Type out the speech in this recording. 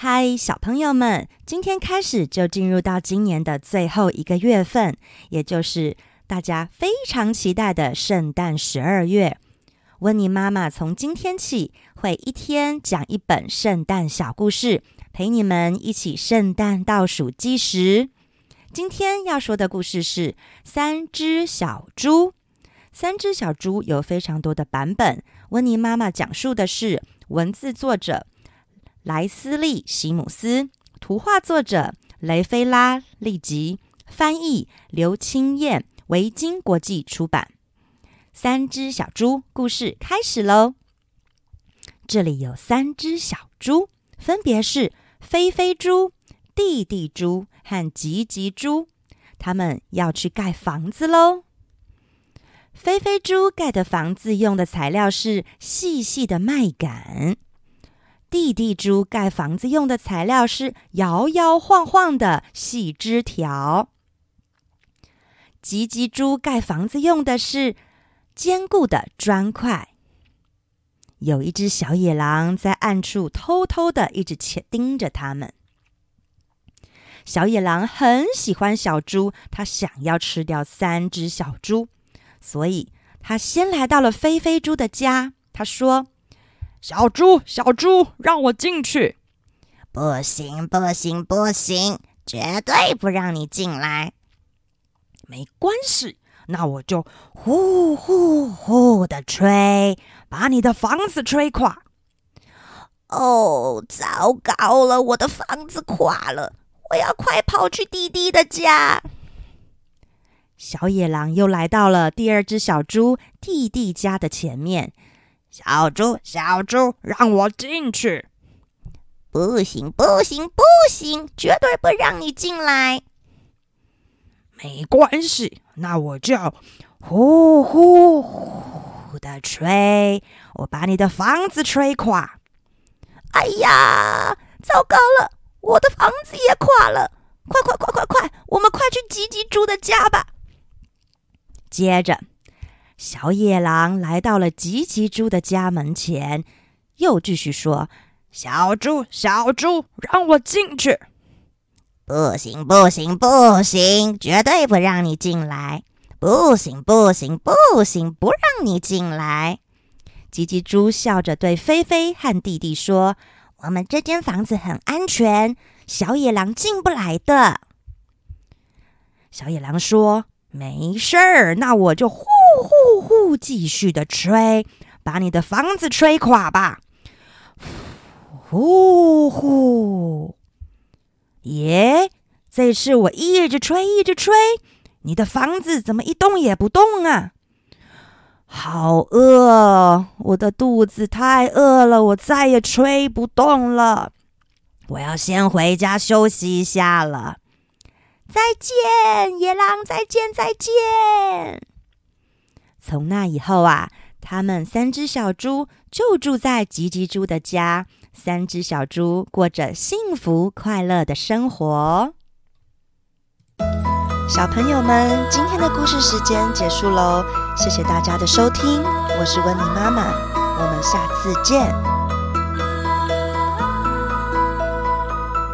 嗨，小朋友們！今天開始就進入到今年的最後一個月份，也就是大家非常期待的聖誕十二月。溫妮媽媽從今天起會一天講一本聖誕小故事，陪你們一起聖誕倒數計時。今天要說的故事是《三隻小豬》。三隻小豬有非常多的版本，溫妮媽媽講述的是文字作者。萊絲莉·席姆斯，圖畫作者雷菲拉·利吉，翻譯劉清彥，維京國際出版。三隻小豬故事開始嘍！這裡有三隻小豬，分別是菲菲豬、弟弟豬和吉吉豬。他們要去蓋房子嘍！菲菲豬蓋的房子用的材料是細細的麥稈。弟弟豬蓋房子用的材料是搖搖晃晃的細枝條，吉吉豬蓋房子用的是堅固的磚塊。有一只小野狼在暗處偷偷的一直盯着他們。小野狼很喜歡小豬，它想要吃掉三只小豬，所以它先來到了菲菲豬的家，他說。小豬，小豬，讓我進去！不行，不行，不行，絕對不讓你進來！沒關係，那我就呼呼呼的吹，把你的房子吹垮！哦，糟糕了，我的房子垮了，我要快跑去弟弟的家。小野狼又來到了第二隻小豬弟弟家的前面。小豬，小豬，讓我進去！不行，不行，不行，絕對不讓你進來！沒關係，那我就呼呼呼的吹，我把你的房子吹垮！哎呀，糟糕了，我的房子也垮了！快快快快快，我們快去吉吉豬的家吧！接着。小野狼來到了吉吉豬的家門前，又繼續說：“小豬，小豬，讓我進去！”“不行，不行，不行，絕對不讓你進來！”“不行，不行，不行，不讓你進來！”吉吉豬笑着對菲菲和弟弟說：“我們這間房子很安全，小野狼進不來的。”小野狼說：“沒事兒，那我就……”呼呼呼！繼續的吹，把你的房子吹垮吧！呼呼！耶、yeah！這次我一直吹，一直吹，你的房子怎麼一動也不動啊？好餓，我的肚子太餓了，我再也吹不動了。我要先回家休息一下了。再見，野狼！再見，再見。從那以後啊，他們三隻小豬就住在吉吉豬的家。三隻小豬過着幸福快樂的生活。小朋友們，今天的故事時間結束嘍，謝謝大家的收聽，我是溫妮媽媽，我們下次見。